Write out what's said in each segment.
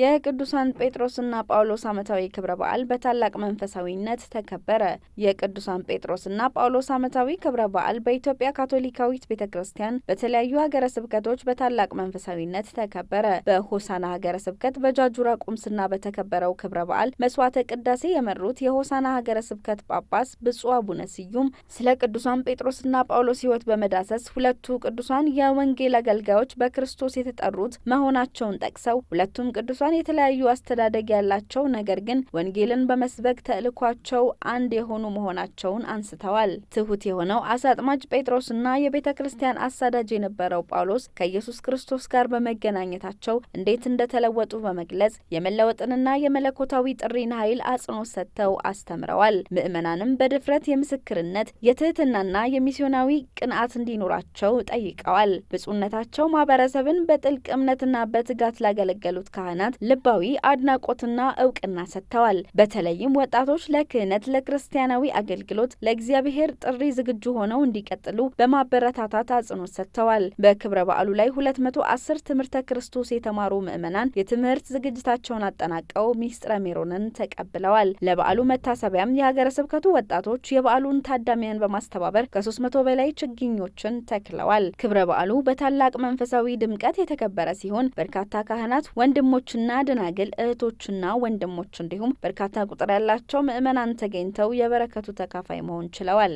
የቅዱሳን ጴጥሮስና ጳውሎስ ዓመታዊ ክብረ በዓል በታላቅ መንፈሳዊነት ተከበረ። የቅዱሳን ጴጥሮስና ጳውሎስ ዓመታዊ ክብረ በዓል በኢትዮጵያ ካቶሊካዊት ቤተ ክርስቲያን በተለያዩ ሀገረ ስብከቶች በታላቅ መንፈሳዊነት ተከበረ። በሆሳና ሀገረ ስብከት በጃጁራ ቁምስና በተከበረው ክብረ በዓል መስዋዕተ ቅዳሴ የመሩት የሆሳና ሀገረ ስብከት ጳጳስ ብፁዕ አቡነ ስዩም ስለ ቅዱሳን ጴጥሮስና ጳውሎስ ሕይወት በመዳሰስ ሁለቱ ቅዱሳን የወንጌል አገልጋዮች በክርስቶስ የተጠሩት መሆናቸውን ጠቅሰው ሁለቱም ቅዱሳን እንኳን የተለያዩ አስተዳደግ ያላቸው ነገር ግን ወንጌልን በመስበክ ተልኳቸው አንድ የሆኑ መሆናቸውን አንስተዋል። ትሁት የሆነው አሳ አጥማጅ ጴጥሮስና የቤተ ክርስቲያን አሳዳጅ የነበረው ጳውሎስ ከኢየሱስ ክርስቶስ ጋር በመገናኘታቸው እንዴት እንደተለወጡ በመግለጽ የመለወጥንና የመለኮታዊ ጥሪን ኃይል አጽንኦት ሰጥተው አስተምረዋል። ምእመናንም በድፍረት የምስክርነት የትህትናና የሚስዮናዊ ቅንዓት እንዲኖራቸው ጠይቀዋል። ብፁዕነታቸው ማህበረሰብን በጥልቅ እምነትና በትጋት ላገለገሉት ካህናት ልባዊ አድናቆትና እውቅና ሰጥተዋል። በተለይም ወጣቶች ለክህነት፣ ለክርስቲያናዊ አገልግሎት፣ ለእግዚአብሔር ጥሪ ዝግጁ ሆነው እንዲቀጥሉ በማበረታታት አጽንኦት ሰጥተዋል። በክብረ በዓሉ ላይ 210 ትምህርተ ክርስቶስ የተማሩ ምዕመናን የትምህርት ዝግጅታቸውን አጠናቀው ሚስጥረ ሜሮንን ተቀብለዋል። ለበዓሉ መታሰቢያም የሀገረ ስብከቱ ወጣቶች የበዓሉን ታዳሚያን በማስተባበር ከ300 በላይ ችግኞችን ተክለዋል። ክብረ በዓሉ በታላቅ መንፈሳዊ ድምቀት የተከበረ ሲሆን በርካታ ካህናት ወንድሞችና እና ደናግል እህቶቹና ወንድሞቹ እንዲሁም በርካታ ቁጥር ያላቸው ምእመናን ተገኝተው የበረከቱ ተካፋይ መሆን ችለዋል።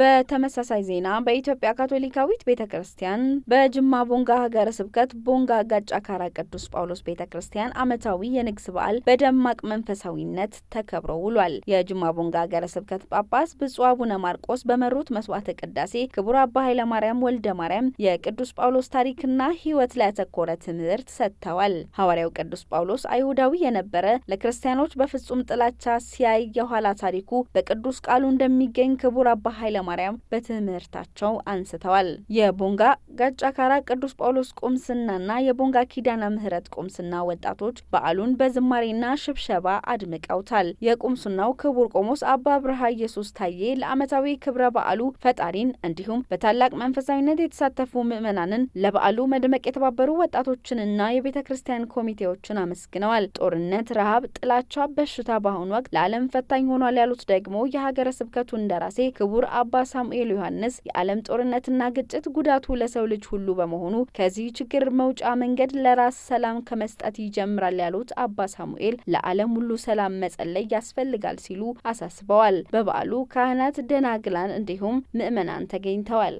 በተመሳሳይ ዜና በኢትዮጵያ ካቶሊካዊት ቤተ ክርስቲያን በጅማ ቦንጋ ሀገረ ስብከት ቦንጋ ጋጫ ካራ ቅዱስ ጳውሎስ ቤተ ክርስቲያን ዓመታዊ የንግስ በዓል በደማቅ መንፈሳዊነት ተከብሮ ውሏል። የጅማ ቦንጋ ሀገረ ስብከት ጳጳስ ብፁዕ አቡነ ማርቆስ በመሩት መስዋዕተ ቅዳሴ ክቡር አባ ማርያም ወልደ ማርያም የቅዱስ ጳውሎስ ታሪክና ሕይወት ላይ ያተኮረ ትምህርት ሰጥተዋል። ሐዋርያው ቅዱስ ጳውሎስ አይሁዳዊ የነበረ ለክርስቲያኖች በፍጹም ጥላቻ ሲያይ የኋላ ታሪኩ በቅዱስ ቃሉ እንደሚገኝ ክቡር አባ ኃይለማርያም በትምህርታቸው አንስተዋል። የቦንጋ ጋጫ ካራ ቅዱስ ጳውሎስ ቁምስናና የቦንጋ ኪዳነ ምሕረት ቁምስና ወጣቶች በዓሉን በዝማሬና ሽብሸባ አድምቀውታል። የቁምስናው ክቡር ቆሞስ አባ ብርሃ ኢየሱስ ታዬ ለዓመታዊ ክብረ በዓሉ ፈጣሪን እንዲሁም በታላቅ መንፈሳዊነት የተሳተፉ ምዕመናንን ለበዓሉ መድመቅ የተባበሩ ወጣቶችንና የቤተ ክርስቲያን ኮሚቴዎችን አመስግነዋል። ጦርነት፣ ረሃብ፣ ጥላቻ፣ በሽታ በአሁኑ ወቅት ለዓለም ፈታኝ ሆኗል ያሉት ደግሞ የሀገረ ስብከቱ እንደራሴ ክቡር አ አባ ሳሙኤል ዮሐንስ የዓለም ጦርነትና ግጭት ጉዳቱ ለሰው ልጅ ሁሉ በመሆኑ ከዚህ ችግር መውጫ መንገድ ለራስ ሰላም ከመስጠት ይጀምራል ያሉት አባ ሳሙኤል ለዓለም ሁሉ ሰላም መጸለይ ያስፈልጋል ሲሉ አሳስበዋል። በበዓሉ ካህናት፣ ደናግላን እንዲሁም ምዕመናን ተገኝተዋል።